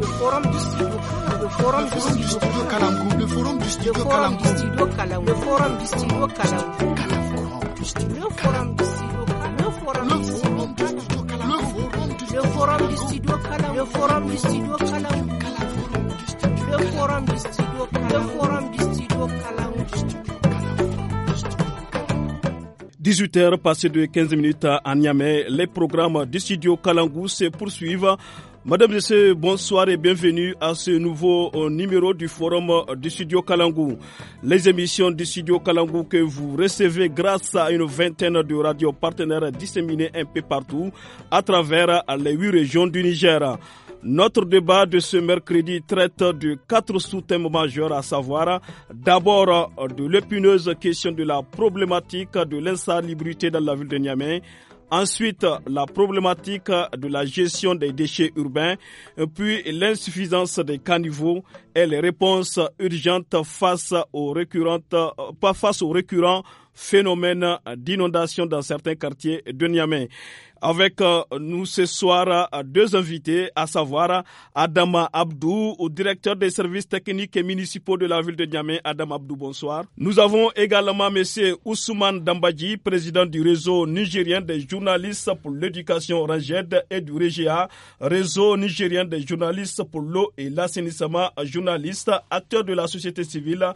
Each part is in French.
le forum du studio le forum du studio Kalamkou le forum du studio Kalamkou le forum du studio Kalamkou le forum du studio le forum du studio le forum du studio le forum du studio le forum du studio le forum du studio 18h passé de 15 minutes à Niamey, les programmes du studio Kalangou se poursuivent. Madame, Messieurs, bonsoir et bienvenue à ce nouveau euh, numéro du forum euh, du studio Kalangou. Les émissions du studio Kalangou que vous recevez grâce à une vingtaine de radios partenaires disséminées un peu partout à travers euh, les huit régions du Niger. Notre débat de ce mercredi traite de quatre sous-thèmes majeurs, à savoir d'abord de l'épineuse question de la problématique de l'insalubrité dans la ville de Niamey, Ensuite, la problématique de la gestion des déchets urbains, puis l'insuffisance des caniveaux et les réponses urgentes face aux récurrentes, pas face aux récurrents phénomènes d'inondation dans certains quartiers de Niamey avec euh, nous ce soir euh, deux invités, à savoir euh, Adama Abdou, au directeur des services techniques et municipaux de la ville de Niamey. Adam Abdou, bonsoir. Nous avons également Monsieur Ousmane Dambadji, président du réseau nigérien des journalistes pour l'éducation Ranged et du REGEA, réseau nigérien des journalistes pour l'eau et l'assainissement, journaliste, acteur de la société civile,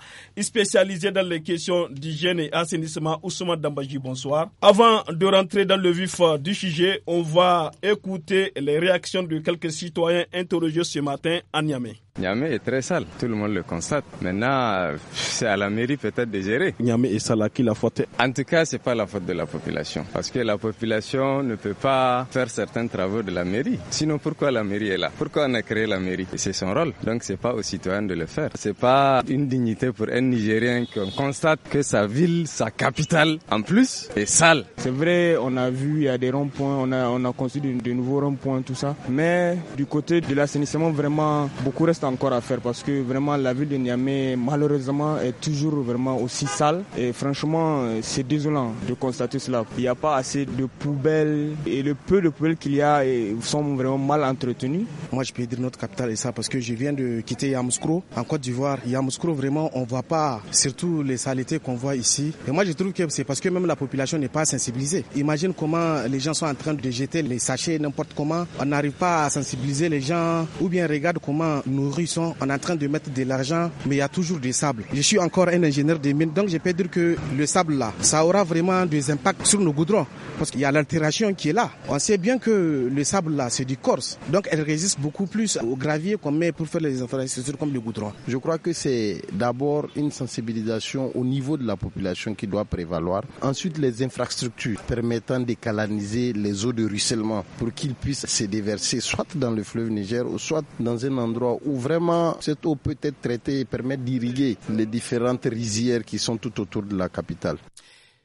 spécialisé dans les questions d'hygiène et assainissement. Ousmane Dambadji, bonsoir. Avant de rentrer dans le vif du sujet, on va écouter les réactions de quelques citoyens interrogés ce matin à Niamey. Niamey est très sale, tout le monde le constate. Maintenant, c'est à la mairie peut-être de gérer. Niamey est sale à qui la faute En tout cas, c'est pas la faute de la population, parce que la population ne peut pas faire certains travaux de la mairie. Sinon, pourquoi la mairie est là Pourquoi on a créé la mairie C'est son rôle, donc c'est pas aux citoyens de le faire. C'est pas une dignité pour un Nigérien qu'on constate que sa ville, sa capitale, en plus, est sale. C'est vrai, on a vu, il y a des ronds-points, on a, on a construit de, nouveaux ronds-points, tout ça. Mais du côté de l'assainissement, vraiment, beaucoup reste encore à faire parce que vraiment la ville de Niamey malheureusement est toujours vraiment aussi sale et franchement c'est désolant de constater cela. Il n'y a pas assez de poubelles et le peu de poubelles qu'il y a sont vraiment mal entretenues. Moi je peux dire notre capitale et ça parce que je viens de quitter Yamoussoukro en Côte d'Ivoire. Yamoussoukro vraiment on ne voit pas surtout les saletés qu'on voit ici. Et moi je trouve que c'est parce que même la population n'est pas sensibilisée. Imagine comment les gens sont en train de jeter les sachets n'importe comment. On n'arrive pas à sensibiliser les gens ou bien regarde comment nous ils sont en train de mettre de l'argent, mais il y a toujours du sable. Je suis encore un ingénieur des mines, donc je peux dire que le sable là, ça aura vraiment des impacts sur nos goudrons, parce qu'il y a l'altération qui est là. On sait bien que le sable là, c'est du corse, donc elle résiste beaucoup plus au gravier qu'on met pour faire les infrastructures comme le goudron. Je crois que c'est d'abord une sensibilisation au niveau de la population qui doit prévaloir. Ensuite, les infrastructures permettant de canaliser les eaux de ruissellement pour qu'ils puissent se déverser soit dans le fleuve Niger ou soit dans un endroit où vraiment cette eau peut être traitée et permettre d'irriguer les différentes rizières qui sont tout autour de la capitale.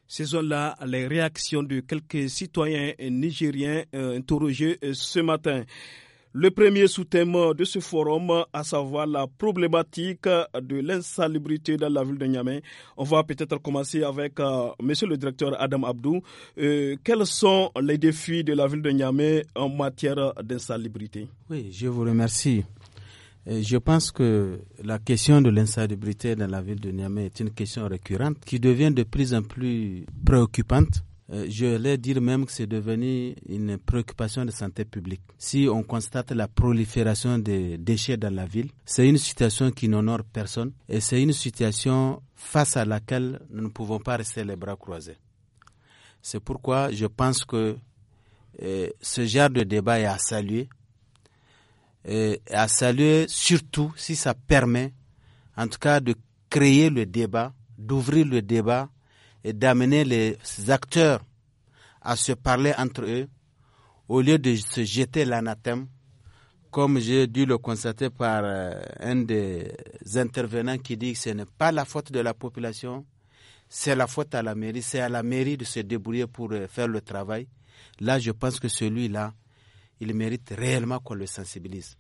Ces zones-là, les réactions de quelques citoyens nigériens euh, interrogés euh, ce matin. Le premier sous-thème de ce forum, à savoir la problématique de l'insalubrité dans la ville de Niamey. On va peut-être commencer avec euh, Monsieur le directeur Adam Abdou. quels sont les défis de la ville de Niamey en matière d'insalubrité Oui, je vous remercie je pense que la question de l'insalubrité dans la ville de Niamey est une question récurrente qui devient de plus en plus préoccupante. Euh, je vais dire même que c'est devenu une préoccupation de santé publique. Si on constate la prolifération des déchets dans la ville, c'est une situation qui n'honore personne et c'est une situation face à laquelle nous ne pouvons pas rester les bras croisés. C'est pourquoi je pense que euh, ce genre de débat est à saluer et à saluer surtout si ça permet, en tout cas, de créer le débat, d'ouvrir le débat et d'amener les acteurs à se parler entre eux au lieu de se jeter l'anathème, comme j'ai dû le constater par euh, un des intervenants qui dit que ce n'est pas la faute de la population, c'est la faute à la mairie, c'est à la mairie de se débrouiller pour euh, faire le travail. Là, je pense que celui-là, il mérite réellement qu'on le sensibilise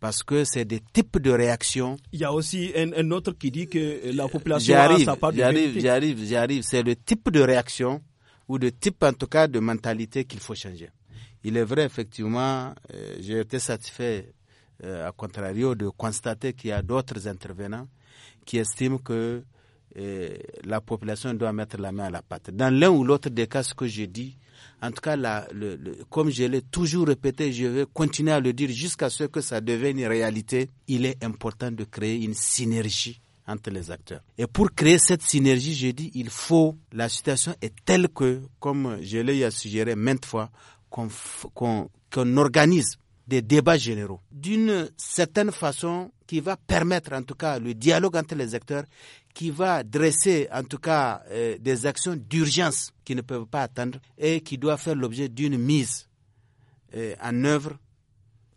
parce que c'est des types de réactions. Il y a aussi un, autre qui dit que la population arrive, a sa part de J'arrive, j'arrive, j'arrive. C'est le type de réaction ou de type en tout cas de mentalité qu'il faut changer. Il est vrai effectivement, euh, j'ai été satisfait euh, à contrario de constater qu'il y a d'autres intervenants qui estiment que la population doit mettre la main à la pâte. Dans l'un ou l'autre des cas, ce que j'ai dis, en tout cas, comme je l'ai toujours répété, je vais continuer à le dire jusqu'à ce que ça devienne une réalité, il est important de créer une synergie entre les acteurs. Et pour créer cette synergie, je dis, il faut, la situation est telle que, comme je l'ai suggéré maintes fois, qu'on organise des débats généraux, d'une certaine façon qui va permettre en tout cas le dialogue entre les acteurs, qui va dresser en tout cas euh, des actions d'urgence qui ne peuvent pas attendre et qui doivent faire l'objet d'une mise euh, en œuvre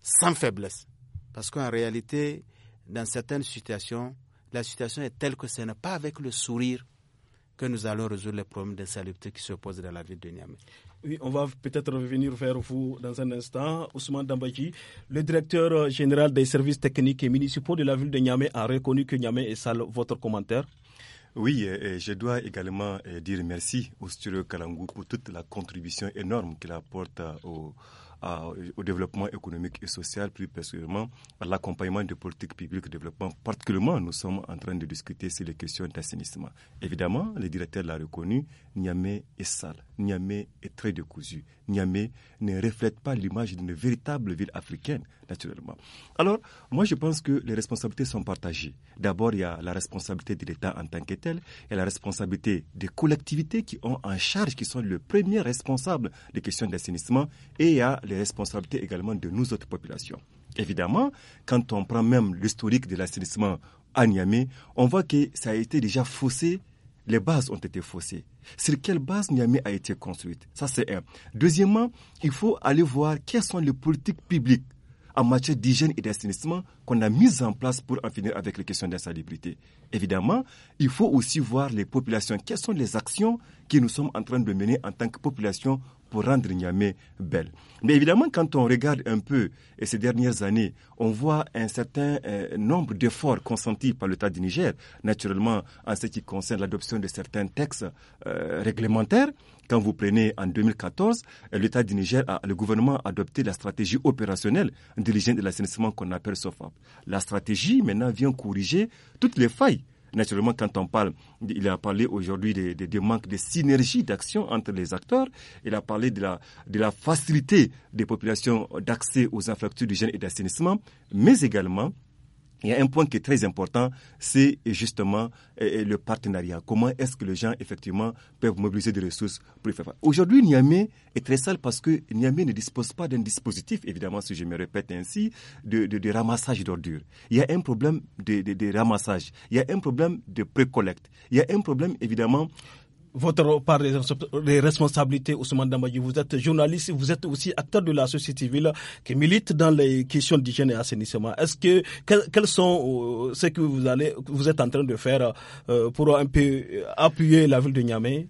sans faiblesse. Parce qu'en réalité, dans certaines situations, la situation est telle que ce n'est pas avec le sourire que nous allons résoudre les problèmes d'insalubrité qui se posent dans la ville de Niamey. Oui, on va peut-être revenir vers vous dans un instant. Ousmane Dambaji, le directeur euh, général des services techniques et municipaux de la ville de Niamey, a reconnu que Niamey est sale. Votre commentaire oui, je dois également euh, dire merci au studio Kalangou pour toute la contribution énorme qu'il apporte euh, au, au développement économique et social, plus particulièrement à l'accompagnement des politiques publiques de développement. Particulièrement, nous sommes en train de discuter sur les questions d'assainissement. Évidemment, le directeur l'a reconnu, Niamey est sale, Niamey est très décousu, Niamey ne reflète pas l'image d'une véritable ville africaine, naturellement. Alors, moi, je pense que les responsabilités sont partagées. D'abord, il y a la responsabilité de l'État en tant que tel, et la responsabilité des collectivités qui ont en charge, qui sont le premier responsable des questions d'assainissement, et il y a les responsabilités également de nous autres populations. Évidemment, quand on prend même l'historique de l'assainissement à Niamey, on voit que ça a été déjà faussé, les bases ont été faussées. Sur quelle base Niamey a été construite Ça, c'est un. Deuxièmement, il faut aller voir quelles sont les politiques publiques en matière d'hygiène et d'assainissement qu'on a mises en place pour en finir avec les questions d'insalubrité. Évidemment, il faut aussi voir les populations, quelles sont les actions que nous sommes en train de mener en tant que population pour rendre Niamey belle. Mais évidemment, quand on regarde un peu ces dernières années, on voit un certain euh, nombre d'efforts consentis par l'État du Niger, naturellement en ce qui concerne l'adoption de certains textes euh, réglementaires. Quand vous prenez en 2014, l'État du Niger, a, le gouvernement a adopté la stratégie opérationnelle dirigée de l'assainissement qu'on appelle SOFAP. La stratégie maintenant vient corriger toutes les failles naturellement, quand on parle, il a parlé aujourd'hui des manques de synergie d'action entre les acteurs. Il a parlé de la, facilité des populations d'accès aux infrastructures d'hygiène et d'assainissement, mais également il y a un point qui est très important, c'est justement eh, eh, le partenariat. Comment est-ce que les gens, effectivement, peuvent mobiliser des ressources pour faire Aujourd'hui, Niamey est très sale parce que Niamey ne dispose pas d'un dispositif, évidemment, si je me répète ainsi, de, ramassage d'ordures. Il y a un problème de, de, ramassage, il y a un problème de pré-collecte, il y a un problème, évidemment, votre part des responsabilités, Ousmane Damadji. Vous êtes journaliste, vous êtes aussi acteur de la société civile qui milite dans les questions d'hygiène et assainissement. Est-ce que, quels sont euh, ce que vous allez, vous êtes en train de faire euh, pour un peu appuyer la ville de Niamey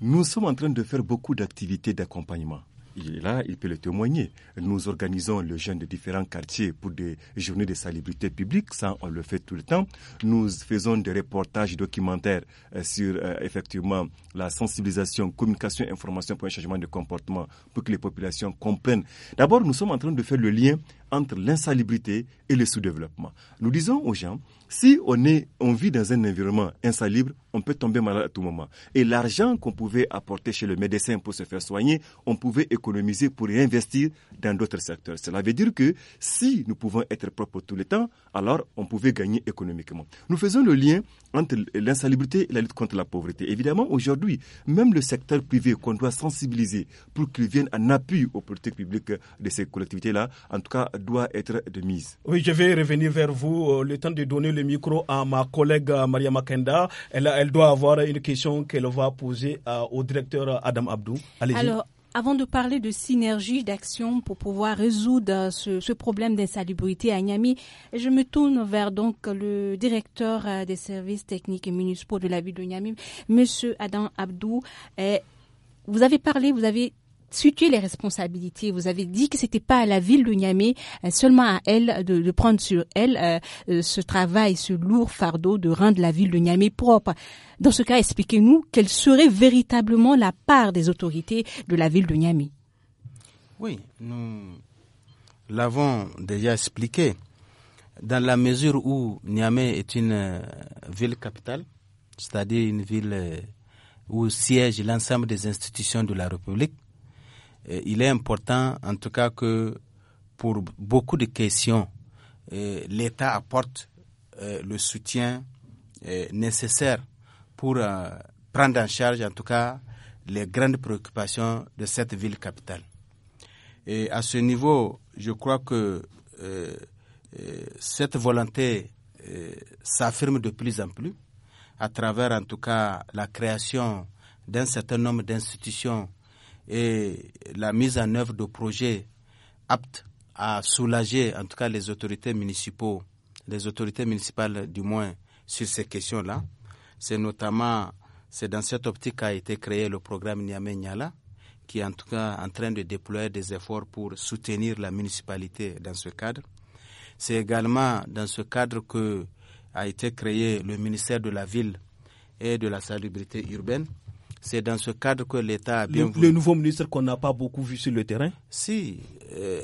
Nous sommes en train de faire beaucoup d'activités d'accompagnement il est là, il peut le témoigner. Nous organisons le jeune de différents quartiers pour des journées de salubrité publique, ça on le fait tout le temps. Nous faisons des reportages documentaires euh, sur euh, effectivement la sensibilisation, communication, information pour un changement de comportement, pour que les populations comprennent. D'abord, nous sommes en train de faire le lien entre l'insalubrité et le sous-développement. Nous disons aux gens, si on, est, on vit dans un environnement insalubre, on peut tomber malade à tout moment. Et l'argent qu'on pouvait apporter chez le médecin pour se faire soigner, on pouvait économiser pour réinvestir dans d'autres secteurs. Cela veut dire que si nous pouvons être propres tout le temps, alors on pouvait gagner économiquement. Nous faisons le lien entre l'insalubrité et la lutte contre la pauvreté. Évidemment, aujourd'hui, même le secteur privé qu'on doit sensibiliser pour qu'il vienne en appui aux politiques publiques de ces collectivités-là, en tout cas doit être de mise. Oui, je vais revenir vers vous. Euh, le temps de donner le micro à ma collègue euh, Maria Makenda. Elle, elle doit avoir une question qu'elle va poser euh, au directeur Adam Abdou. Allez-y. Avant de parler de synergie d'action pour pouvoir résoudre ce, problème d'insalubrité à Niamey, je me tourne vers donc le directeur des services techniques et municipaux de la ville de Niamey, Monsieur Adam Abdou. Eh, vous avez parlé, vous avez situer les responsabilités. Vous avez dit que ce n'était pas à la ville de Niamey, euh, seulement à elle de, prendre sur elle euh, euh, ce travail, ce lourd fardeau de rendre la ville de Niamey propre. Dans ce cas, expliquez-nous quelle serait véritablement la part des autorités de la ville de Niamey. Oui, nous l'avons déjà expliqué. Dans la mesure où Niamey est une ville capitale, c'est-à-dire une ville où siège l'ensemble des institutions de la République, il est important, en tout cas, que pour beaucoup de questions, euh, l'État apporte euh, le soutien euh, nécessaire pour prendre en charge, en tout cas, les grandes préoccupations de cette ville capitale. Et à ce niveau, je crois que cette volonté s'affirme de plus en plus à travers en tout cas la création d'un certain nombre d'institutions et la mise en œuvre de projets aptes à soulager en tout cas les autorités municipaux, les autorités municipales du moins sur ces questions-là. C'est notamment, c'est dans cette optique qu'a été créé le programme Niamey Niala, qui est en tout cas en train de déployer des efforts pour soutenir la municipalité dans ce cadre. C'est également dans ce cadre que a été créé le ministère de la Ville et de la Salubrité urbaine, c'est dans ce cadre que l'État a bien le, nouveau ministre qu'on n'a pas beaucoup vu sur le terrain Si, euh,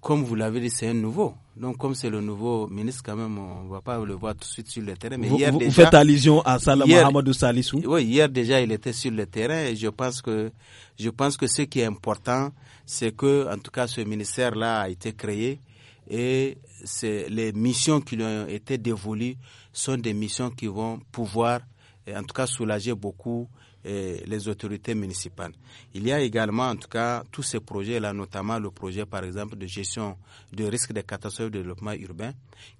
comme vous l'avez dit, c'est un nouveau. Donc, comme c'est le nouveau ministre, quand même, on ne va pas le voir tout de suite sur le terrain. Mais vous, vous faites allusion à Salah Mohamed Salissou Oui, hier déjà, il était sur le terrain et je pense que, je pense que ce qui est important, c'est que, en tout cas, ce ministère-là a été créé et c'est les missions qui lui ont été dévolues sont des missions qui vont pouvoir, en tout cas, soulager beaucoup les autorités municipales. Il y a également, en tout cas, tous ces projets-là, notamment le projet, par exemple, de gestion de risque des catastrophes de développement urbain,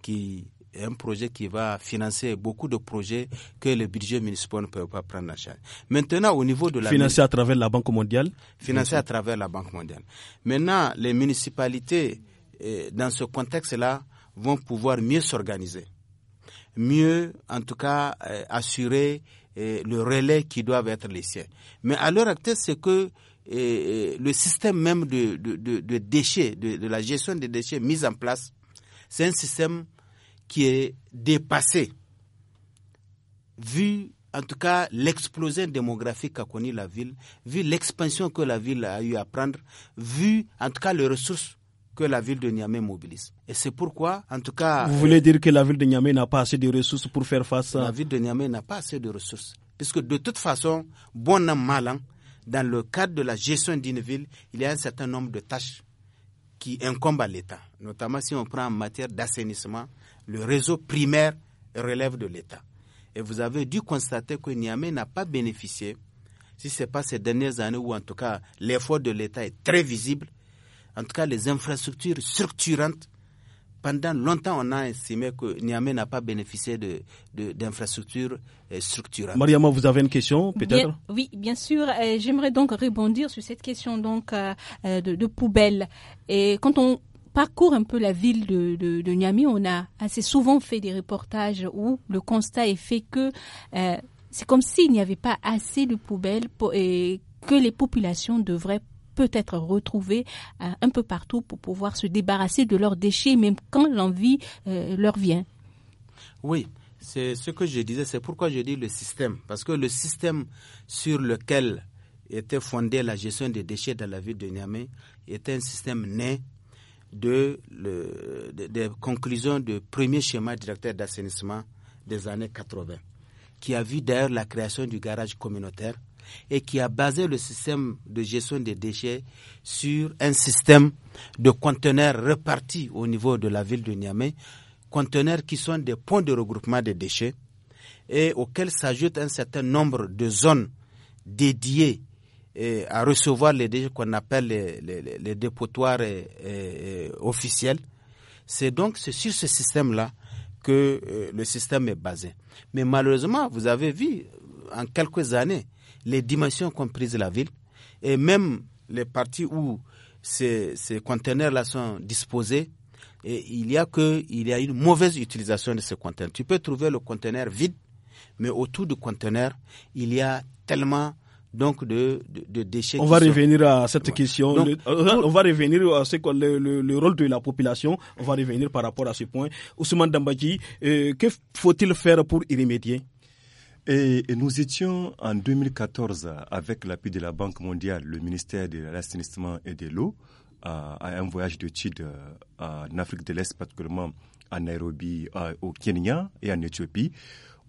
qui est un projet qui va financer beaucoup de projets que le budget municipal ne peut pas prendre en charge. Maintenant, au niveau de la... Financé à travers la Banque mondiale Financé à travers la Banque mondiale. Maintenant, les municipalités, eh, dans ce contexte-là, vont pouvoir mieux s'organiser mieux, en tout cas, eh, assurer le relais qui doivent être les siens. Mais à l'heure actuelle, c'est que le système même de, de, de, de déchets, de, la gestion des déchets mise en place, c'est un système qui est dépassé, vu en tout cas l'explosion démographique qu'a connue la ville, vu l'expansion que la ville a eu à prendre, vu en tout cas les ressources que la ville de Niamey mobilise. Et c'est pourquoi, en tout cas... Vous voulez dire que la ville de Niamey n'a pas assez de ressources pour faire face à... La ville de Niamey n'a pas assez de ressources. Puisque de toute façon, bon an, mal an, dans le cadre de la gestion d'une ville, il y a un certain nombre de tâches qui incombent à l'État. Notamment si on prend en matière d'assainissement, le réseau primaire relève de l'État. Et vous avez dû constater que Niamey n'a pas bénéficié, si ce n'est pas ces dernières années, ou en tout cas l'effort de l'État est très visible, en tout cas les infrastructures structurantes. Pendant longtemps, on a estimé que Niamey n'a pas bénéficié d'infrastructures de, euh, structurantes. Mariama, vous avez une question, peut-être Oui, bien sûr. Euh, j'aimerais donc rebondir sur cette question donc, euh, de, poubelle. Et quand on parcourt un peu la ville de, Niamey, on a assez souvent fait des reportages où le constat est fait que c'est comme s'il n'y avait pas assez de poubelles pour, et que les populations devraient peut être retrouvés euh, un peu partout pour pouvoir se débarrasser de leurs déchets, même quand l'envie euh, leur vient. Oui, c'est ce que je disais, c'est pourquoi je dis le système, parce que le système sur lequel était fondée la gestion des déchets dans la ville de Niamey était un système né de, le, des conclusions du premier schéma directeur d'assainissement des années 80, qui a vu d'ailleurs la création du garage communautaire et qui a basé le système de gestion des déchets sur un système de conteneurs répartis au niveau de la ville de Niamey, conteneurs qui sont des points de regroupement des déchets et auxquels s'ajoutent un certain nombre de zones dédiées euh, à recevoir les déchets qu'on appelle les, dépotoirs euh, euh, officiels. C'est donc sur ce système-là que le système est basé. Mais malheureusement, vous avez vu en quelques années les dimensions comprises de la ville et même les parties où ces, ces conteneurs-là sont disposés, et il y a que, il y a une mauvaise utilisation de ces conteneurs. Tu peux trouver le conteneur vide, mais autour du conteneur, il y a tellement donc de, de, déchets. On va revenir à cette question. Euh, euh, on va revenir à ce que le, rôle de la population. On va revenir par rapport à ce point. Ousmane Dambadji, euh, que faut-il faire pour y remédier et, nous étions en 2014, avec l'appui de la Banque mondiale, le ministère de l'assainissement et de l'eau, à, un voyage d'études euh, en Afrique de l'Est, particulièrement à Nairobi, au Kenya et en Éthiopie,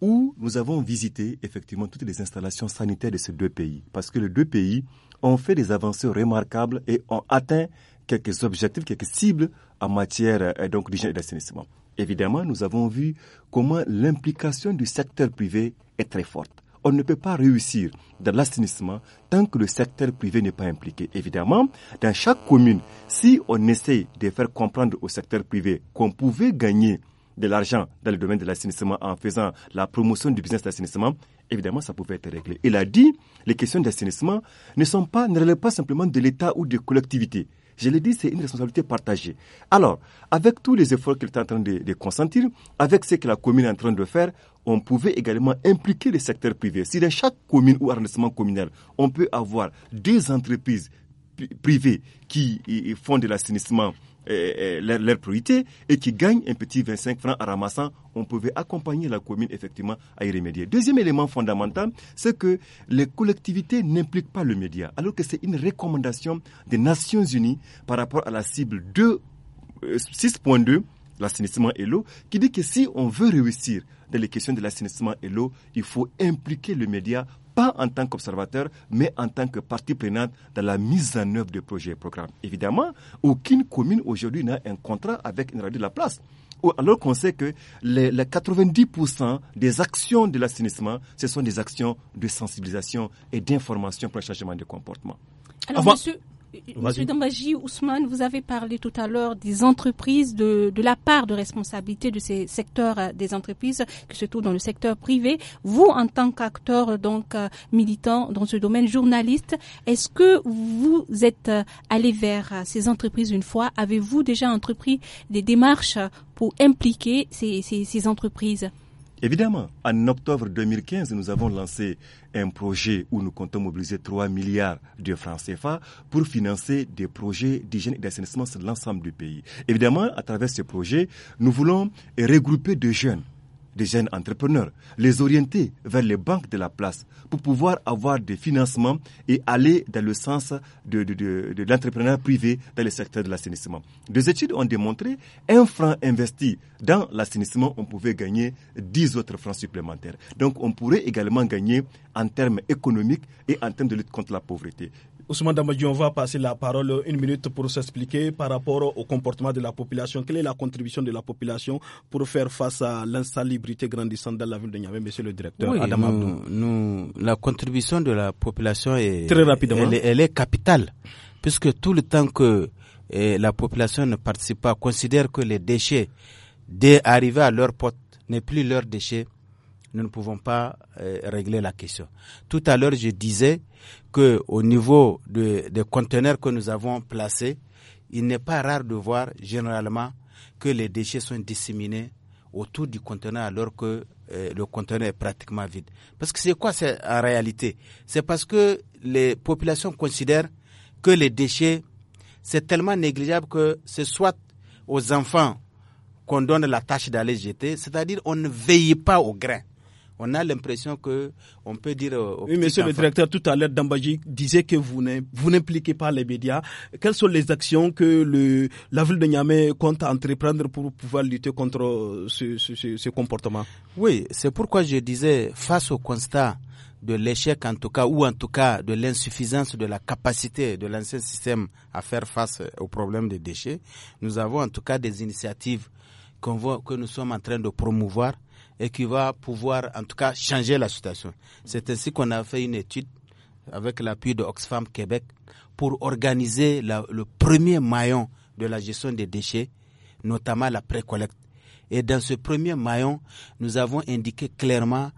où nous avons visité effectivement toutes les installations sanitaires de ces deux pays. Parce que les deux pays ont fait des avancées remarquables et ont atteint quelques objectifs, quelques cibles en matière euh, donc d'hygiène et d'assainissement. Évidemment, nous avons vu comment l'implication du secteur privé est très forte. On ne peut pas réussir dans l'assainissement tant que le secteur privé n'est pas impliqué. Évidemment, dans chaque commune, si on essaye de faire comprendre au secteur privé qu'on pouvait gagner de l'argent dans le domaine de l'assainissement en faisant la promotion du business d'assainissement, évidemment, ça pouvait être réglé. Il a dit, les questions d'assainissement ne sont pas, ne relèvent pas simplement de l'État ou des collectivités. Je l'ai dit, c'est une responsabilité partagée. Alors, avec tous les efforts qu'il est en train de, consentir, avec ce que la commune est en train de faire, on pouvait également impliquer le secteur privé. Si dans chaque commune ou arrondissement communal, on peut avoir deux entreprises privées qui font de l'assainissement leur, et qui gagnent un petit 25 francs en ramassant, on pouvait accompagner la commune effectivement à y remédier. Deuxième élément fondamental, c'est que les collectivités n'impliquent pas le média, alors que c'est une recommandation des Nations Unies par rapport à la cible 2, 6.2 euh, l'assainissement et l'eau, qui dit que si on veut réussir dans les questions de l'assainissement et l'eau, il faut impliquer le média pas en tant qu'observateur, mais en tant que partie prenante dans la mise en œuvre de projets et programmes. Évidemment, aucune commune aujourd'hui n'a un contrat avec une radio de la place. Alors qu'on sait que les, 90% des actions de l'assainissement, ce sont des actions de sensibilisation et d'information pour le changement de comportement. Alors, monsieur, Monsieur Dambaji, Ousmane, vous avez parlé tout à l'heure des entreprises, de, la part de responsabilité de ces secteurs euh, des entreprises qui se trouvent dans le secteur privé. Vous, en tant qu'acteur, donc euh, militant dans ce domaine, journaliste, est-ce que vous êtes euh, allé vers ces entreprises une fois Avez-vous déjà entrepris des démarches pour impliquer ces, ces, ces entreprises Évidemment, en octobre 2015, nous avons lancé un projet où nous comptons mobiliser 3 milliards de francs CFA pour financer des projets d'hygiène et d'assainissement sur l'ensemble du pays. Évidemment, à travers ce projet, nous voulons regrouper des jeunes des jeunes entrepreneurs, les orienter vers les banques de la place pour pouvoir avoir des financements et aller dans le sens de, l'entrepreneur privé dans le secteur de l'assainissement. Des études ont démontré un franc investi dans l'assainissement, on pouvait gagner 10 autres francs supplémentaires. Donc on pourrait également gagner en termes économiques et en termes de lutte contre la pauvreté. Ousmane Damadji, on va passer la parole une minute pour s'expliquer par rapport au comportement de la population. Quelle est la contribution de la population pour faire face à l'insalubrité grandissante dans la ville de Niamey, monsieur le directeur oui, nous, nous, la contribution de la population est, Très Elle, est capitale, puisque tout le temps que eh, la population ne participe pas, considère que les déchets, dès arrivés à leur porte, n'est plus leur déchets, nous ne pouvons pas eh, régler la question. Tout à l'heure, je disais au niveau des conteneurs que nous avons placés, il n'est pas rare de voir généralement que les déchets sont disséminés autour du conteneur alors que euh, le conteneur est pratiquement vide. Parce que c'est quoi c'est en réalité C'est parce que les populations considèrent que les déchets, c'est tellement négligeable que ce soit aux enfants qu'on donne la tâche d'aller jeter, c'est-à-dire on ne veille pas au grain on a l'impression que on peut dire. Aux oui, monsieur le directeur, tout à l'heure, Dambaji disait que vous n'impliquez pas les médias. Quelles sont les actions que le, la ville de Niamey compte entreprendre pour pouvoir lutter contre ce, comportement Oui, c'est pourquoi je disais, face au constat de l'échec en tout cas, ou en tout cas de l'insuffisance de la capacité de l'ancien système à faire face au problème des déchets, nous avons en tout cas des initiatives voit, que nous sommes en train de promouvoir et qui va pouvoir en tout cas changer la situation. C'est ainsi qu'on a fait une étude avec l'appui de Oxfam Québec pour organiser le premier maillon de la gestion des déchets, notamment la précollecte. Et dans ce premier maillon, nous avons indiqué clairement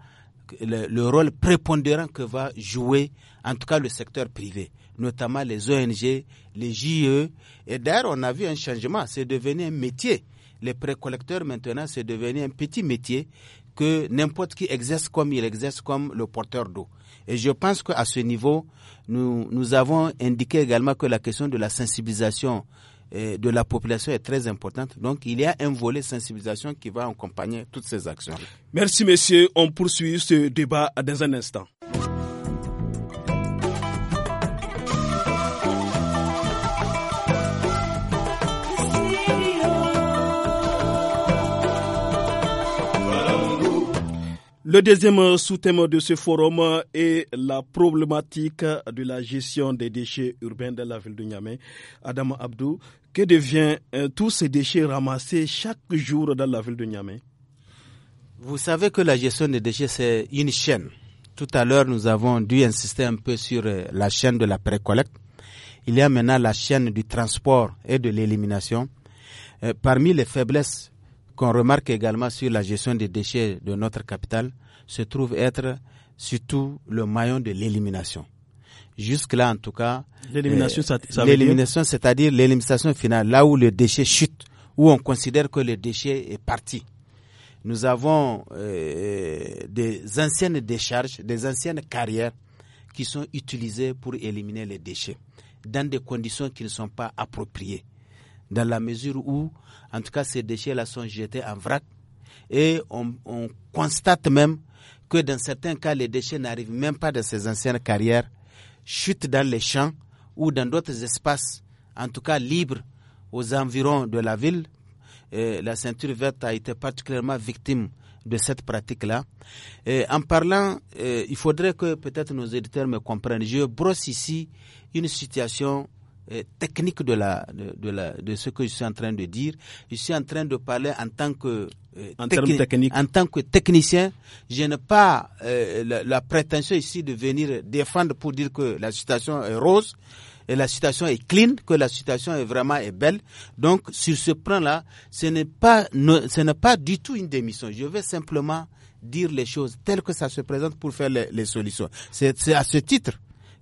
le, le, rôle prépondérant que va jouer en tout cas le secteur privé, notamment les ONG, les JE. Et d'ailleurs, on a vu un changement, c'est devenu un métier les précollecteurs maintenant, c'est devenu un petit métier que n'importe qui exerce comme il exerce comme le porteur d'eau. Et je pense qu'à ce niveau, nous, nous avons indiqué également que la question de la sensibilisation euh, de la population est très importante. Donc, il y a un volet sensibilisation qui va accompagner toutes ces actions. Merci, messieurs. On poursuit ce débat dans un instant. Le deuxième sous-thème de ce forum est la problématique de la gestion des déchets urbains de la ville de Niamey. Adam Abdou, que devient euh, tous ces déchets ramassés chaque jour dans la ville de Niamey Vous savez que la gestion des déchets, c'est une chaîne. Tout à l'heure, nous avons dû insister un peu sur euh, la chaîne de la précollecte. Il y a maintenant la chaîne du transport et de l'élimination. Euh, parmi les faiblesses qu'on remarque également sur la gestion des déchets de notre capitale se trouve être surtout le maillon de l'élimination. Jusque-là, en tout cas. L'élimination, c'est-à-dire l'élimination finale, là où le déchet chute, où on considère que le déchet est parti. Nous avons euh, des anciennes décharges, des anciennes carrières qui sont utilisées pour éliminer les déchets dans des conditions qui ne sont pas appropriées dans la mesure où, en tout cas, ces déchets-là sont jetés en vrac. Et on, constate même que dans certains cas, les déchets n'arrivent même pas dans ces anciennes carrières, chutent dans les champs ou dans d'autres espaces, en tout cas libres, aux environs de la ville. la ceinture verte a été particulièrement victime de cette pratique-là. En parlant, euh, il faudrait que peut-être nos éditeurs me comprennent. Je brosse ici une situation euh, technique de, la, de, la, de ce que je suis en train de dire. Je suis en train de parler en tant que euh, en, tant que technicien, je n'ai pas euh, la, prétention ici de venir défendre pour dire que la situation est rose, et la situation est clean, que la situation est vraiment est belle. Donc sur ce point là ce n'est pas ce n'est pas du tout une démission. Je vais simplement dire les choses telles que ça se présente pour faire les, les solutions. C'est à ce titre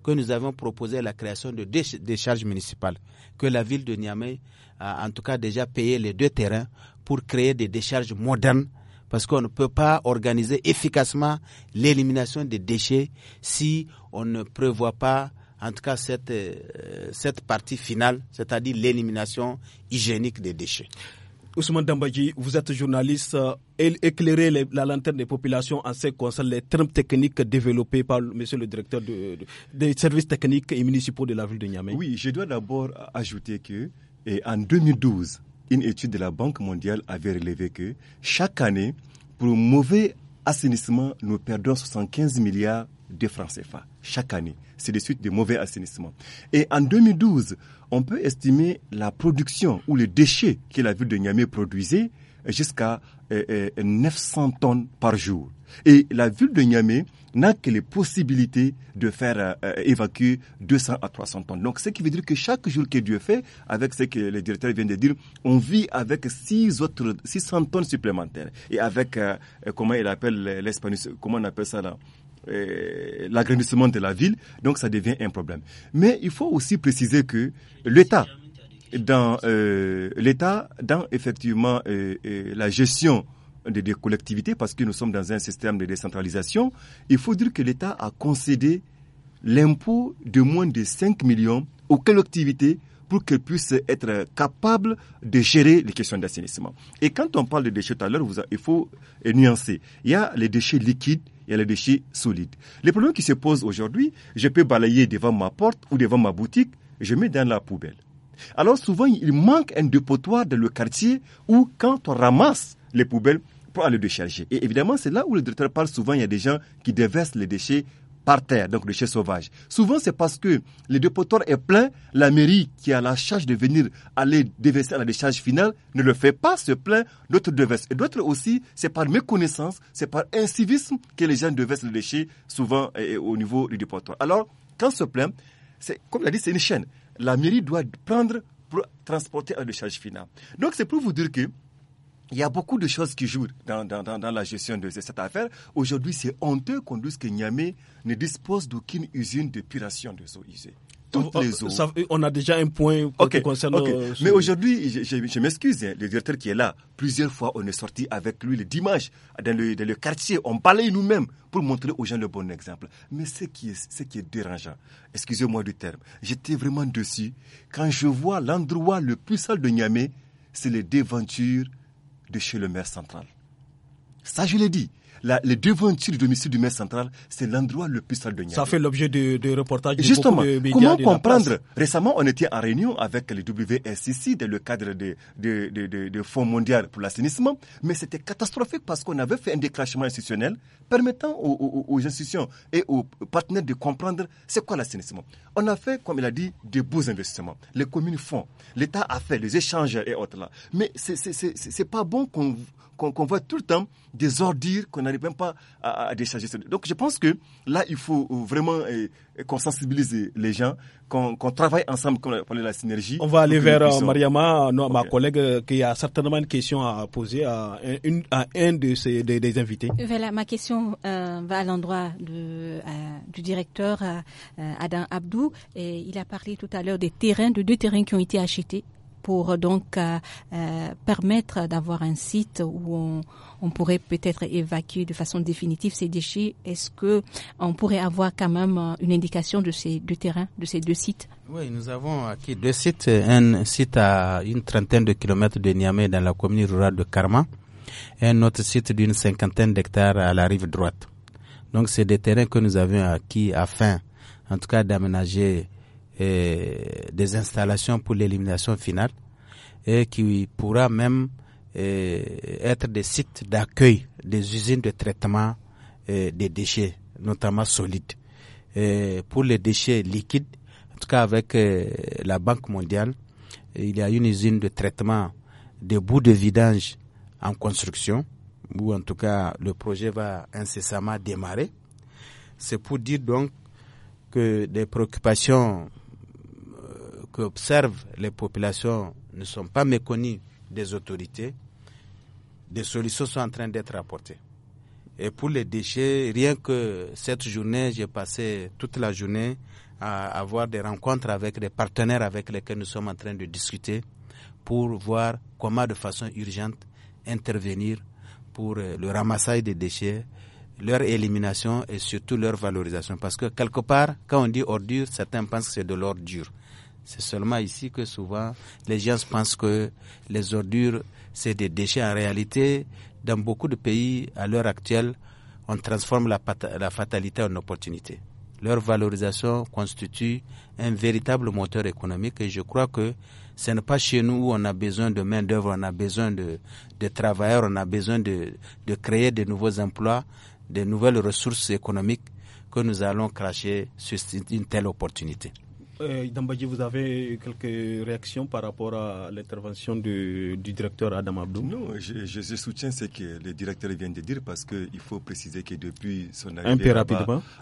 que nous avons proposé la création de deux décharges municipales, que la ville de Niamey a euh, en tout cas déjà payé les deux terrains pour créer des décharges modernes parce qu'on ne peut pas organiser efficacement l'élimination des déchets si on ne prévoit pas en tout cas cette, euh, cette partie finale, c'est-à-dire l'élimination hygiénique des déchets. Ousmane Dambaji, vous êtes journaliste. Euh, éclairez la lanterne des populations en ce qui concerne les termes techniques développés par monsieur le directeur des services techniques et municipaux de la ville de Niamey. Oui, je dois d'abord ajouter que en 2012, une étude de la Banque mondiale avait relevé que chaque année, pour mauvais assainissement, nous perdons 75 milliards de francs CFA chaque année. C'est des suites de mauvais assainissement. Et en 2012, on peut estimer la production ou les déchets que la ville de Niamey produisait jusqu'à 900 euh, euh, tonnes par jour. Et la ville de Niamey n'a que les possibilités de faire euh, évacuer 200 à 300 tonnes. Donc, ce qui veut dire que chaque jour que Dieu fait, avec ce que le directeur vient de dire, on vit avec 600 tonnes supplémentaires. Et avec, comment il appelle l'espagnol, comment on appelle ça là euh, l'agrandissement de la ville, donc ça devient un problème. Mais il faut aussi préciser que l'État, dans euh, l'État, dans effectivement euh, la gestion des, collectivités, parce que nous sommes dans un système de décentralisation, il faut dire que l'État a concédé l'impôt de moins de 5 millions aux collectivités pour qu'elles puissent être capables de gérer les questions d'assainissement. Et quand on parle de déchets tout à l'heure, il faut nuancer. Il y a les déchets liquides il y a les déchets solides. Les problèmes qui se posent aujourd'hui, je peux balayer devant ma porte ou devant ma boutique, je mets dans la poubelle. Alors souvent, il manque un dépotoir dans le quartier où quand on ramasse les poubelles pour aller décharger. Et évidemment, c'est là où le directeur parle souvent, il y a des gens qui déversent les déchets par terre, donc le chien sauvage. Souvent, c'est parce que le dépotoir est plein, la mairie qui a la charge de venir aller déverser à la décharge finale ne le fait pas, se plaint, d'autres déversent. Et d'autres aussi, c'est par méconnaissance, c'est par incivisme que les gens déversent le déchet, souvent au niveau du dépotoir. Alors, quand se plaint, c'est, comme l'a dit, c'est une chaîne. La mairie doit prendre pour transporter à la décharge finale. Donc, c'est pour vous dire que il y a beaucoup de choses qui jouent dans, dans, dans, la gestion de cette affaire. Aujourd'hui, c'est honteux qu'on dise que Niamey ne dispose d'aucune usine d'épuration de eaux usées. Toutes on, oh, oh, les eaux. on a déjà un point concernant. Euh, Mais aujourd'hui, je, m'excuse, hein, le directeur qui est là, plusieurs fois, on est sorti avec lui le dimanche dans le, dans le quartier. On parlait nous-mêmes pour montrer aux gens le bon exemple. Mais ce qui est, ce qui est dérangeant, excusez-moi du terme, j'étais vraiment dessus quand je vois l'endroit le plus sale de Niamey, c'est les déventures de chez le maire central. Ça, je l'ai dit les devantures du domicile du maire central, c'est l'endroit le plus sale Ça fait l'objet de, reportages de Justement, de médias comment comprendre Récemment, on était en réunion avec le WSCC dans le cadre des de, Fonds mondial pour l'assainissement, mais c'était catastrophique parce qu'on avait fait un déclenchement institutionnel permettant aux, institutions et aux partenaires de comprendre c'est quoi l'assainissement. On a fait, comme il a dit, de beaux investissements. Les communes font, l'État a fait, les échanges et autres là. Mais c'est pas bon qu'on voit tout le temps des ordures qu'on n'arrive même pas à, décharger. Donc je pense que là, il faut euh, vraiment euh, qu'on sensibilise les gens, qu'on travaille ensemble, qu'on la synergie. On va aller vers euh, Mariama, ma collègue, qui a certainement une question à poser à, une, un de des, invités. ma question va à l'endroit du directeur Adam Abdou. Et il a parlé tout à l'heure des terrains, de deux terrains qui ont été achetés pour euh, donc euh, euh, permettre d'avoir un site où on, on pourrait peut-être évacuer de façon définitive ces déchets Est-ce que on pourrait avoir quand même une indication de ces deux terrains, de ces deux sites Oui, nous avons acquis deux sites. Un site à une trentaine de kilomètres de Niamey dans la commune rurale de Karma et un autre site d'une cinquantaine d'hectares à la rive droite. Donc c'est des terrains que nous avions acquis afin en tout cas d'aménager des installations pour l'élimination finale et qui pourra même être des sites d'accueil des usines de traitement des déchets, notamment solides. pour les déchets liquides, en tout cas avec la Banque mondiale, il y a une usine de traitement des bouts de vidange en construction, ou en tout cas le projet va incessamment démarrer. C'est pour dire donc que des préoccupations que observent les populations ne sont pas méconnues des autorités, des solutions sont en train d'être apportées. Et pour les déchets, rien que cette journée, j'ai passé toute la journée à avoir des rencontres avec des partenaires avec lesquels nous sommes en train de discuter pour voir comment de façon urgente intervenir pour euh, le ramassage des déchets, leur élimination et surtout leur valorisation. Parce que quelque part, quand on dit ordure, certains pensent que c'est de l'ordure. C'est seulement ici que souvent les gens pensent que les ordures, c'est des déchets. En réalité, dans beaucoup de pays, à l'heure actuelle, on transforme la, fatalité en opportunité. Leur valorisation constitue un véritable moteur économique et je crois que ce n'est pas chez nous où on a besoin de main-d'œuvre, on a besoin de, travailleurs, on a besoin de créer de nouveaux emplois, de nouvelles ressources économiques que nous allons cracher sur une telle opportunité. Euh, Dambadji, vous avez quelques réactions par rapport à l'intervention du, directeur Adam Abdou Non, je, soutiens ce que le directeur vient de dire parce qu'il faut préciser que depuis son arrivée.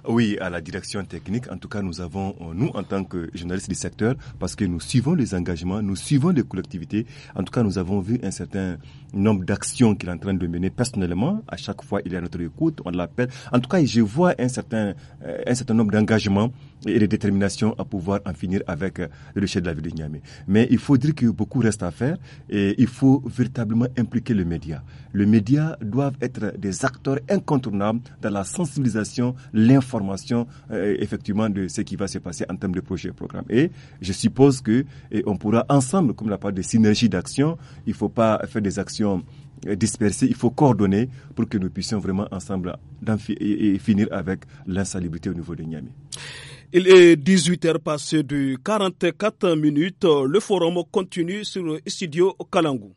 Oui, à la direction technique, en tout cas, nous avons, euh, nous, en tant que journalistes du secteur, parce que nous suivons les engagements, nous suivons les collectivités, en tout cas, nous avons vu un certain nombre d'actions qu'il est en train de mener personnellement. À chaque fois, il est à notre écoute, on l'appelle. En tout cas, je vois un certain, euh, un certain nombre d'engagements et de détermination à pouvoir en finir avec euh, le chef de la ville de Niamey. Mais il faut dire que beaucoup reste à faire et il faut véritablement impliquer le média. Les médias doivent être des acteurs incontournables dans la sensibilisation, l'information euh, effectivement de ce qui va se passer en termes de projets et programmes. Et je suppose que on pourra ensemble, comme la part de synergies d'action, il ne faut pas faire des actions euh, dispersées, il faut coordonner pour que nous puissions vraiment ensemble finir avec l'insalubrité au niveau de Niamey. Il est 18h passé de 44 minutes. Le forum continue sur le Studio Kalangou.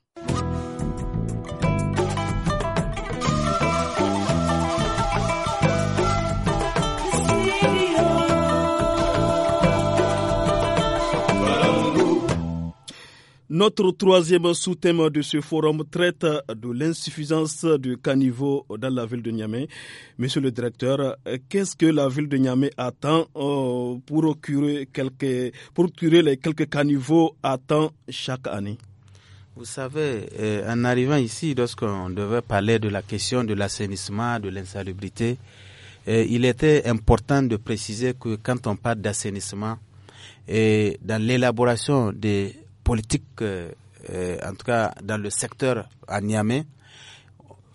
Notre troisième sous-thème de ce forum traite de l'insuffisance du caniveau dans la ville de Niamey. Monsieur le directeur, qu'est-ce que la ville de Niamey attend euh, pour curer, quelques, pour les quelques caniveaux à temps chaque année vous savez, euh, en arrivant ici, lorsqu'on devait parler de la question de l'assainissement, de l'insalubrité, euh, il était important de préciser que quand on parle d'assainissement, et dans l'élaboration des politique, euh, euh, en tout cas dans le secteur à Niamey,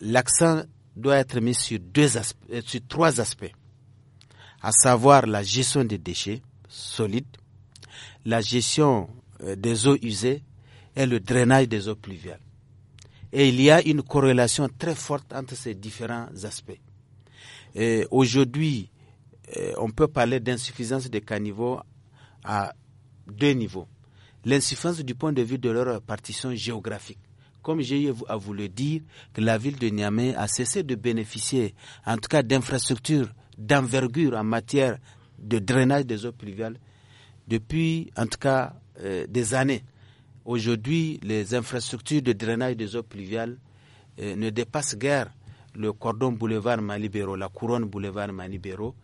l'accent doit être mis sur, deux aspects, euh, sur trois aspects, à savoir la gestion des déchets solides, la gestion des eaux usées et le drainage des eaux pluviales. Et il y a une corrélation très forte entre ces différents aspects. Aujourd'hui, on peut parler d'insuffisance des caniveaux à deux niveaux l'insuffisance du point de vue de leur partition géographique. Comme j'ai eu à vous le dire, que la ville de Niamey a cessé de bénéficier, en tout cas d'infrastructures d'envergure en matière de drainage des eaux pluviales depuis, en tout cas, euh, des années. Aujourd'hui, les infrastructures de drainage des eaux pluviales euh, ne dépassent guère le cordon boulevard Malibéro, la couronne boulevard Malibéro,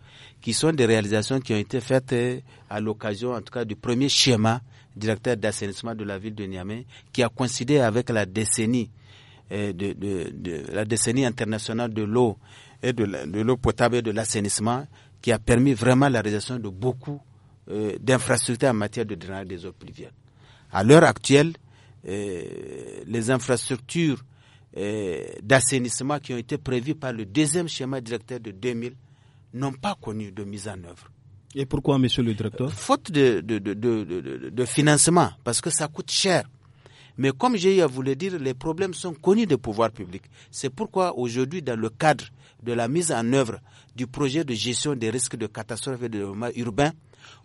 qui sont des réalisations qui ont été faites euh, à l'occasion, en tout cas, du premier schéma directeur d'assainissement de la ville de Niamey, qui a coïncidé avec la décennie, euh, de, la décennie internationale de l'eau et de, l'eau potable et de l'assainissement, qui a permis vraiment la réalisation de beaucoup euh, d'infrastructures en matière de drainage des eaux pluviales. À l'heure actuelle, euh, les infrastructures d'assainissement qui ont été prévues par le deuxième schéma directeur de 2000 n'ont pas connu de mise en œuvre. Et pourquoi, monsieur le directeur euh, Faute de, de, de, de, financement, parce que ça coûte cher. Mais comme j'ai eu à vous le dire, les problèmes sont connus des pouvoirs publics. C'est pourquoi aujourd'hui, dans le cadre de la mise en œuvre du projet de gestion des risques de catastrophes et de développement urbain,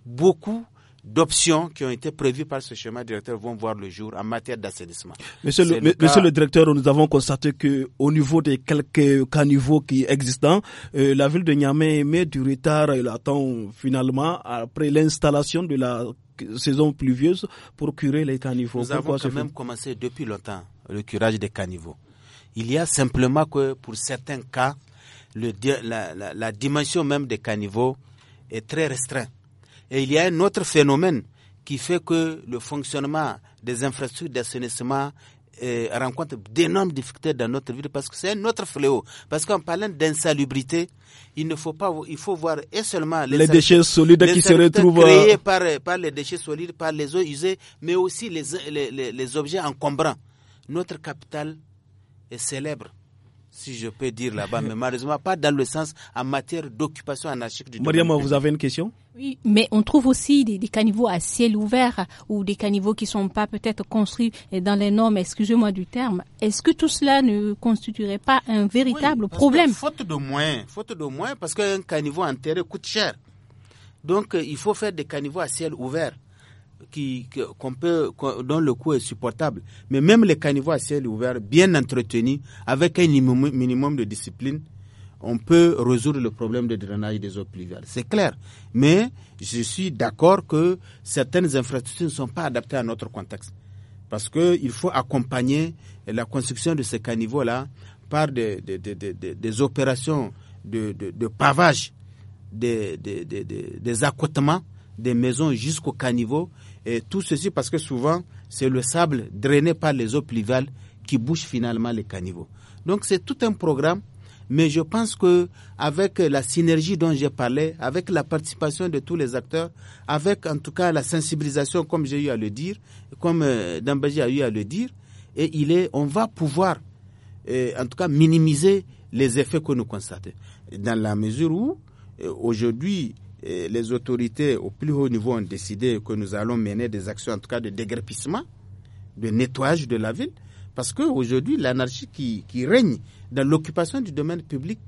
beaucoup d'options qui ont été prévues par ce schéma directeur vont voir le jour en matière d'assainissement. Monsieur, le, directeur, nous avons constaté que au niveau des quelques caniveaux qui existants, euh, la ville de Niamey met du retard. et attend finalement après l'installation de la saison pluvieuse pour curer les caniveaux. Nous Pourquoi avons quand même commencé depuis longtemps le curage des caniveaux. Il y a simplement que pour certains cas, la, la dimension même des caniveaux est très restreinte. Et il y a un autre phénomène qui fait que le fonctionnement des infrastructures d'assainissement euh, rencontre d'énormes difficultés dans notre ville parce que c'est un autre fléau. Parce qu'en parlant d'insalubrité, il ne faut pas, il faut voir et seulement les, déchets solides qui se retrouvent créés euh, par, par les déchets solides, par les eaux usées, mais aussi les, les, les objets encombrants. Notre capitale est célèbre si je peux dire là-bas, mais malheureusement pas dans le sens en matière d'occupation anarchique du Mariam, vous avez une question Oui, mais on trouve aussi des, caniveaux à ciel ouvert ou des caniveaux qui ne sont pas peut-être construits dans les normes, excusez-moi du terme. Est-ce que tout cela ne constituerait pas un véritable problème Faute de moyens, faute de moyens, parce qu'un caniveau enterré coûte cher. Donc euh, il faut faire des caniveaux à ciel ouvert qu'on peut, dont le coût est supportable. Mais même les caniveaux à ciel ouvert, bien entretenus, avec un minimum de discipline, on peut résoudre le problème de drainage des eaux pluviales. C'est clair. Mais je suis d'accord que certaines infrastructures ne sont pas adaptées à notre contexte. Parce qu'il faut accompagner la construction de ces caniveaux-là par des, des, opérations de, pavage des, des, accotements des maisons jusqu'au caniveau et tout ceci parce que souvent, c'est le sable drainé par les eaux pluviales qui bouche finalement les caniveaux. Donc c'est tout un programme, mais je pense que avec la synergie dont j'ai parlé, avec la participation de tous les acteurs, avec en tout cas la sensibilisation comme j'ai eu à le dire, comme euh, a eu à le dire, et il est, on va pouvoir euh, en tout cas minimiser les effets que nous constatons. Dans la mesure où euh, aujourd'hui les autorités au plus haut niveau ont décidé que nous allons mener des actions, en tout cas de dégrépissement, de nettoyage de la ville, parce qu'aujourd'hui, l'anarchie qui, règne dans l'occupation du domaine public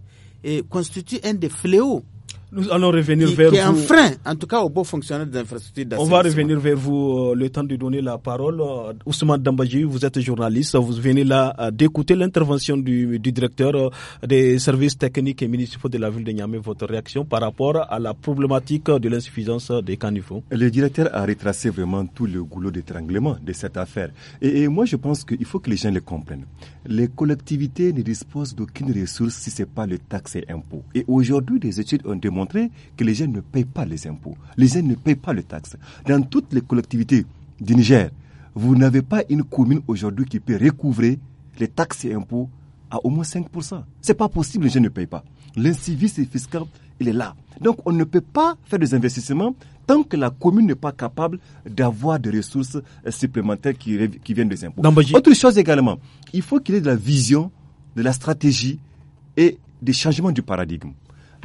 constitue un des fléaux nous allons revenir qui, vers qui est un frein, en tout cas, au bon fonctionnement des infrastructures On va revenir vers vous euh, le temps de donner la parole. Euh, Ousmane Dambaji, vous êtes journaliste. Vous venez là euh, d'écouter l'intervention du, directeur des services techniques et municipaux de la ville de Niamey. Votre réaction par rapport à la problématique de l'insuffisance des caniveaux Le directeur a retracé vraiment tout le goulot d'étranglement de cette affaire. Et, moi, je pense qu'il faut que les gens le comprennent. Les collectivités ne disposent d'aucune ressource si ce n'est pas le taxe et l'impôt. Et aujourd'hui, des études ont démontré montrer que les jeunes ne payent pas les impôts, les jeunes ne payent pas les taxes. Dans toutes les collectivités du Niger, vous n'avez pas une commune aujourd'hui qui peut recouvrer les taxes et impôts à au moins 5%. C'est pas possible, les jeunes ne payent pas. L'incivisme fiscal, il est là. Donc on ne peut pas faire des investissements tant que la commune n'est pas capable d'avoir des ressources euh, supplémentaires qui, qui viennent des impôts. Autre chose également, il faut qu'il y ait de la vision, de la stratégie et des changements du paradigme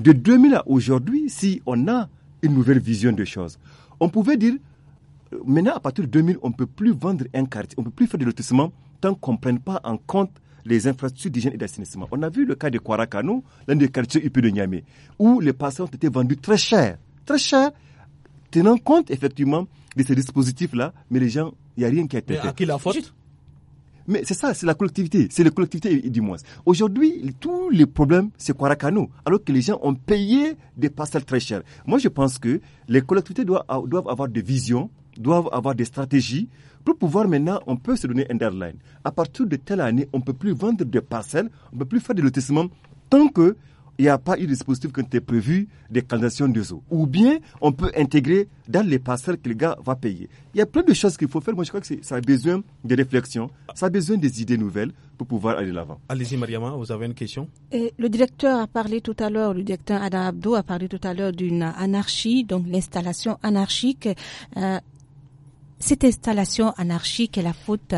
de 2000 à aujourd'hui, si on a une nouvelle vision des choses, on pouvait dire, euh, maintenant à partir de 2000, on ne peut plus vendre un quartier, on ne peut plus faire de lotissement tant qu'on ne prenne pas en compte les infrastructures d'hygiène et d'assainissement. On a vu le cas de Kwarakano, l'un des quartiers IP de Niamey, où les patients ont été vendus très cher, très cher, tenant compte effectivement de ces dispositifs-là, mais les gens, il n'y a rien qui a été fait. À qui la faute mais c'est ça, c'est la collectivité. C'est la collectivité du moins. Aujourd'hui, tous les problèmes, c'est Kwarakano. Alors que les gens ont payé des parcelles très chères. Moi, je pense que les collectivités doivent, avoir des visions, doivent avoir des stratégies pour pouvoir maintenant, on peut se donner un deadline. À partir de telle année, on ne peut plus vendre des parcelles, on ne peut plus faire des lotissements tant que il n'y a pas eu de dispositif qui était prévu de canalisation des eaux. Ou bien, on peut intégrer dans les parcelles que le gars va payer. Il y a plein de choses qu'il faut faire. Moi, je crois que ça a besoin de réflexion, ça a besoin des idées nouvelles pour pouvoir aller l'avant. Allez-y, Mariama, vous avez une question Le directeur a parlé tout à l'heure, le directeur Adam Abdo a parlé tout à l'heure d'une anarchie, donc l'installation anarchique. Euh, cette installation anarchique est la faute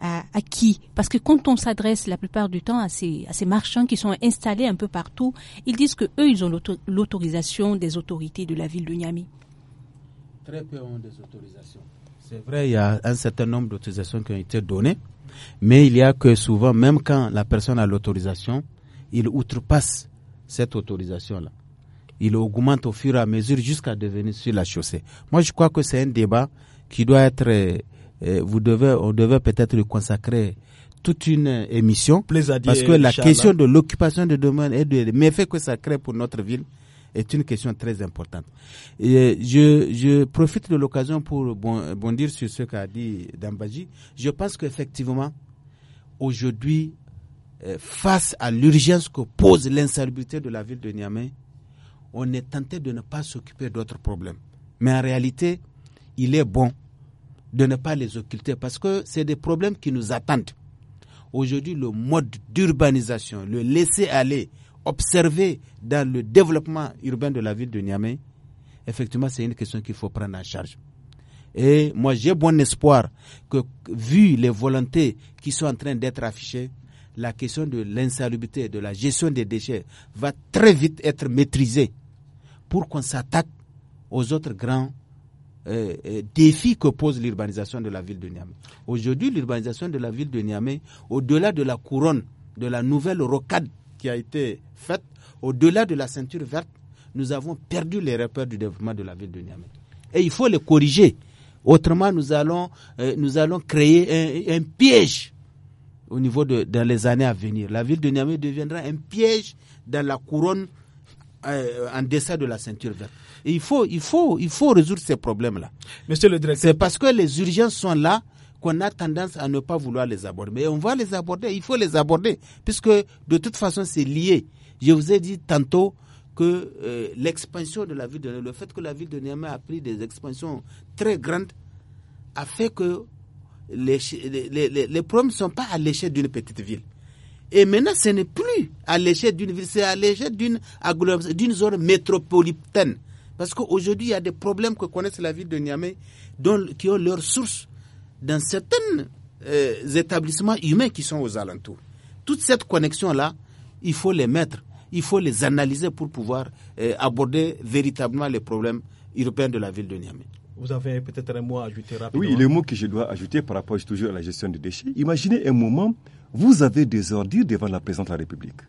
à, qui Parce que quand on s'adresse la plupart du temps à ces, marchands qui sont installés un peu partout, ils disent que eux ils ont l'autorisation des autorités de la ville de Niamey. Très peu ont des autorisations. C'est vrai, il y a un certain nombre d'autorisations qui ont été données, mais il y a que souvent, même quand la personne a l'autorisation, il outrepasse cette autorisation-là. Il augmente au fur et à mesure jusqu'à devenir sur la chaussée. Moi, je crois que c'est un débat qui doit être, euh, euh, vous devez, on devait peut-être le consacrer toute une émission. parce que la question de l'occupation de domaines et de méfaits que ça crée pour notre ville est une question très importante. je, je profite de l'occasion pour bondir sur ce qu'a dit Dambaji. Je pense qu'effectivement, aujourd'hui, euh, face à l'urgence que pose l'insalubrité de la ville de Niamey, on est tenté de ne pas s'occuper d'autres problèmes. Mais en réalité, il est bon de ne pas les occulter parce que c'est des problèmes qui nous attendent. Aujourd'hui, le mode d'urbanisation, le laisser aller, observer dans le développement urbain de la ville de Niamey, effectivement, c'est une question qu'il faut prendre en charge. Et moi, j'ai bon espoir que, vu les volontés qui sont en train d'être affichées, la question de l'insalubrité, de la gestion des déchets va très vite être maîtrisée pour qu'on s'attaque aux autres grands euh, euh, défi que pose l'urbanisation de la ville de Niamey. Aujourd'hui, l'urbanisation de la ville de Niamey, au-delà de la couronne, de la nouvelle rocade qui a été faite, au-delà de la ceinture verte, nous avons perdu les repères du développement de la ville de Niamey. Et il faut les corriger. Autrement, nous allons, euh, nous allons créer un, un, piège au niveau de dans les années à venir. La ville de Niamey deviendra un piège dans la couronne euh, en dessous de la ceinture verte. il faut, il faut, il faut résoudre ces problèmes-là. Monsieur le directeur. C'est parce que les urgences sont là qu'on a tendance à ne pas vouloir les aborder. Mais on va les aborder, il faut les aborder, puisque de toute façon, c'est lié. Je vous ai dit tantôt que euh, l'expansion de la ville de Niamey, le fait que la ville de Niamey a pris des expansions très grandes, a fait que les, les, les, les problèmes ne sont pas à l'échelle d'une petite ville. Et maintenant, ce n'est plus à l'échelle d'une ville, c'est à l'échelle d'une d'une zone métropolitaine. Parce qu'aujourd'hui, il y a des problèmes que connaissent la ville de Niamey, qui ont leur source dans certains euh, établissements humains qui sont aux alentours. Toute cette connexion-là, il faut les mettre, il faut les analyser pour pouvoir euh, aborder véritablement les problèmes européens de la ville de Niamey. Vous avez peut-être un mot à ajouter rapidement. Oui, le mot que je dois ajouter par rapport toujours à la gestion des déchets. Imaginez un moment, vous avez des ordures devant la présidente de la République.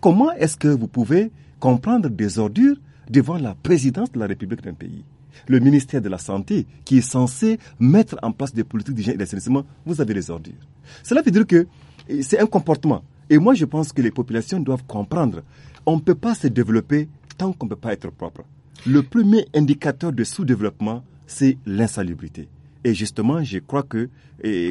Comment est-ce que vous pouvez comprendre des ordures devant la présidence de la République d'un pays Le ministère de la Santé, qui est censé mettre en place des politiques d'hygiène et d'assainissement, vous avez des ordures. Cela veut dire que eh, c'est un comportement. Et moi, je pense que les populations doivent comprendre. On ne peut pas se développer tant qu'on ne peut pas être propre. Le premier indicateur de sous-développement, c'est l'insalubrité. Et justement, je crois que,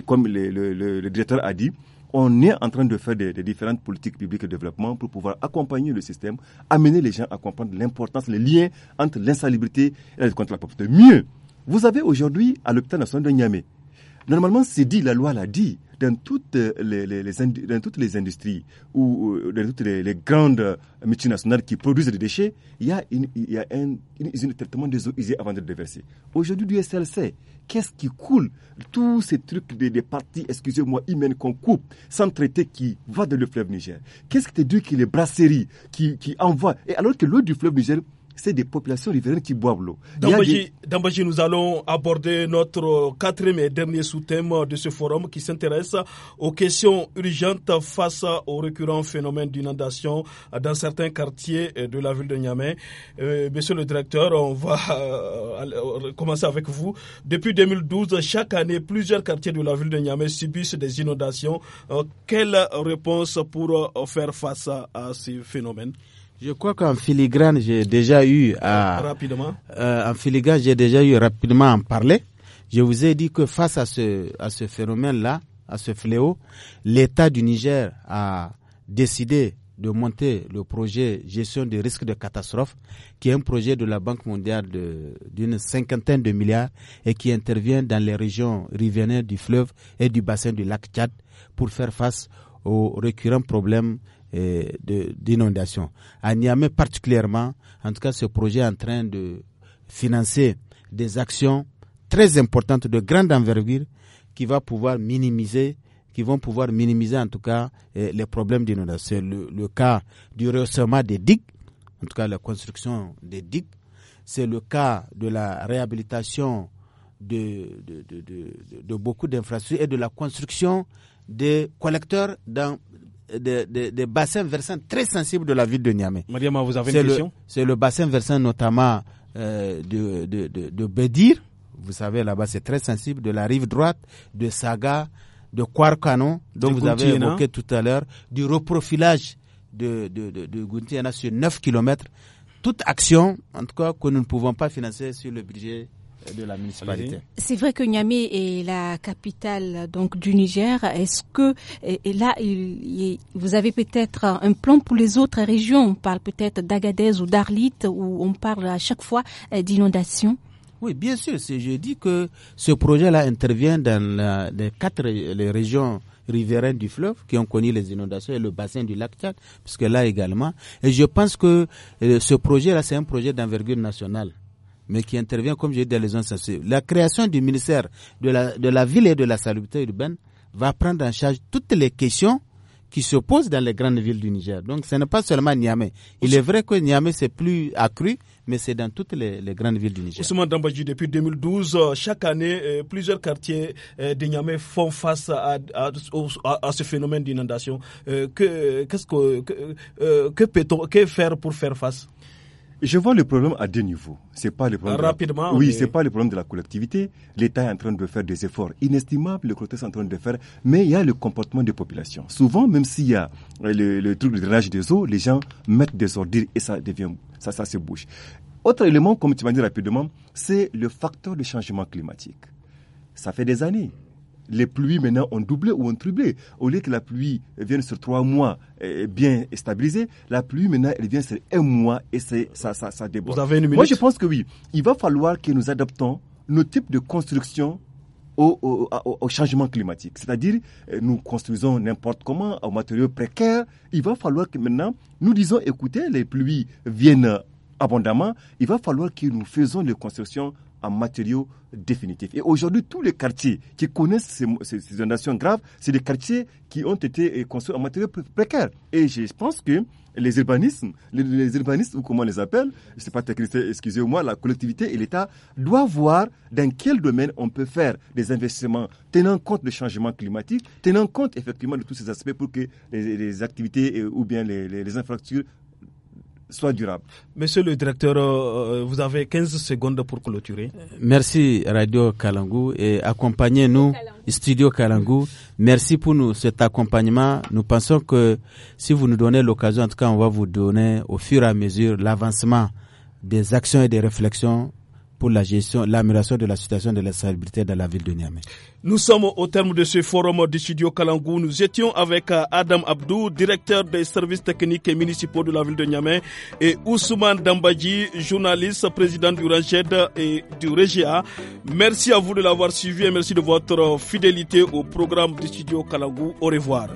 comme le, directeur a dit, on est en train de faire des, des, différentes politiques publiques de développement pour pouvoir accompagner le système, amener les gens à comprendre l'importance, les liens entre l'insalubrité et la lutte contre la pauvreté. Mieux, vous avez aujourd'hui à l'hôpital national de Niamey, normalement c'est dit, la loi l'a dit, dans toutes les, les, dans toutes les industries ou dans toutes les, grandes multinationales qui produisent des déchets, il y a, une, il y a un traitement des eaux usées avant de les déverser. Aujourd'hui, du SLC, qu'est-ce qui coule Tous ces trucs des, parties, excusez-moi, humaines qu'on coupe sans traiter qui va dans le fleuve Niger. Qu'est-ce qui tu dis que les brasseries qui, qui envoient Et alors que l'eau du fleuve Niger, c'est des populations riveraines qui boivent l'eau. Dambaji, nous allons aborder notre quatrième et dernier sous-thème de ce forum qui s'intéresse aux questions urgentes face au récurrent phénomène d'inondation dans certains quartiers de la ville de Niamey. Euh, monsieur le directeur, on va euh, euh, commencer avec vous. Depuis 2012, chaque année, plusieurs quartiers de la ville de Niamey subissent des inondations. quelle réponse pour faire face à, à ces phénomènes je crois qu'en filigrane, j'ai déjà eu Rapidement euh, En filigrane, j'ai déjà eu rapidement à en parler. Je vous ai dit que face à ce, à ce phénomène-là, à ce fléau, l'État du Niger a décidé de monter le projet gestion des risques de catastrophe, qui est un projet de la Banque mondiale d'une cinquantaine de milliards et qui intervient dans les régions rivières du fleuve et du bassin du lac Tchad pour faire face aux récurrents problèmes d'inondation. À Niamey particulièrement, en tout cas, ce projet est en train de financer des actions très importantes de grande envergure qui va pouvoir minimiser qui vont pouvoir minimiser en tout cas eh, les problèmes d'inondation. C'est le cas du rehaussement des digues, en tout cas la construction des digues, c'est le cas de la réhabilitation de, de, de, beaucoup d'infrastructures et de la construction des collecteurs dans des, bassins versants très sensibles de la ville de Niamey. vous avez une C'est le bassin versant notamment euh, de, de, Vous savez, là-bas, c'est très sensible. De la rive droite, de Saga, de Kwarkanon. dont vous avez évoqué tout à l'heure, du reprofilage de, de, de, sur 9 km. toute action, en tout cas, que nous ne pouvons pas financer sur le budget la municipalité. C'est vrai que Niamey est la capitale donc du Niger. Est-ce que là vous avez peut-être un plan pour les autres régions On parle peut-être d'Agadez ou d'Arlit où on parle à chaque fois euh, d'inondations. Oui, bien sûr. Je dis que ce projet-là intervient dans les quatre les régions riveraines du fleuve qui ont connu les inondations et le bassin du lac Tchad, puisque là également. Et je pense que euh, ce projet-là, c'est un projet d'envergure nationale mais qui intervient, comme je dit, dans les zones sensibles. La création du ministère de la, ville et de la salubrité urbaine va prendre en charge toutes les questions qui se posent dans les grandes villes du Niger. Donc ce n'est pas seulement Niamey. Il est vrai que Niamey c'est plus accru, mais c'est dans toutes les, grandes villes du Niger. Ousmane Dambadji, depuis 2012, euh, chaque année, euh, plusieurs quartiers euh, de Niamey font face à, ce phénomène d'inondation. peut que faire pour faire face je vois le problème à deux niveaux. C'est pas le problème. Oui, c'est pas le problème de la collectivité. L'État est en train de faire des efforts inestimables, le côté est en train de faire, mais il y a le comportement des populations. Souvent, même s'il y a euh, le, truc de drainage des eaux, les gens mettent des ordures et ça devient, ça, ça se bouge. Autre élément, comme tu m'as dit rapidement, c'est le facteur de changement climatique. Ça fait des années les pluies maintenant ont doublé ou ont triplé. Au lieu que la pluie vienne sur trois mois bien stabilisée, la pluie maintenant elle vient sur un mois et ça, ça, ça déborde. Vous avez une minute Moi je pense que oui. Il va falloir que nous adaptons nos types de construction au, au, changement climatique. C'est-à-dire, euh, nous construisons n'importe comment, en matériaux précaires. Il va falloir que maintenant, nous disons, écoutez, les pluies viennent abondamment. Il va falloir que nous faisons les constructions en matériaux définitifs. Et aujourd'hui, tous les quartiers qui connaissent ces, inondations graves, c'est des quartiers qui ont été euh, construits en matériaux précaires. Et je pense que les urbanismes, les, urbanistes, ou comment on les appelle, c'est ne sais pas excusez-moi, la collectivité et l'État doivent voir dans quel domaine on peut faire des investissements tenant compte des changements climatiques, tenant compte effectivement de tous ces aspects pour que les, activités euh, ou bien les infrastructures soit durable. Monsieur le directeur, euh, euh, vous avez 15 secondes pour clôturer. Euh, merci Radio Kalangou et accompagnez-nous Studio Kalangou. Merci pour nous cet accompagnement. Nous pensons que si vous nous donnez l'occasion, en tout cas, on va vous donner au fur et à mesure l'avancement des actions et des réflexions pour la gestion, l'amélioration de la situation de la salubrité dans la ville de Niamey. Nous sommes au terme de ce forum du studio Kalangou. Nous étions avec euh, Adam Abdou, directeur des services techniques et municipaux de la ville de Niamey, et Ousmane Dambadji, journaliste, président du Rajed et du Régia. Merci à vous de l'avoir suivi et merci de votre fidélité au programme du studio Kalangou. Au revoir.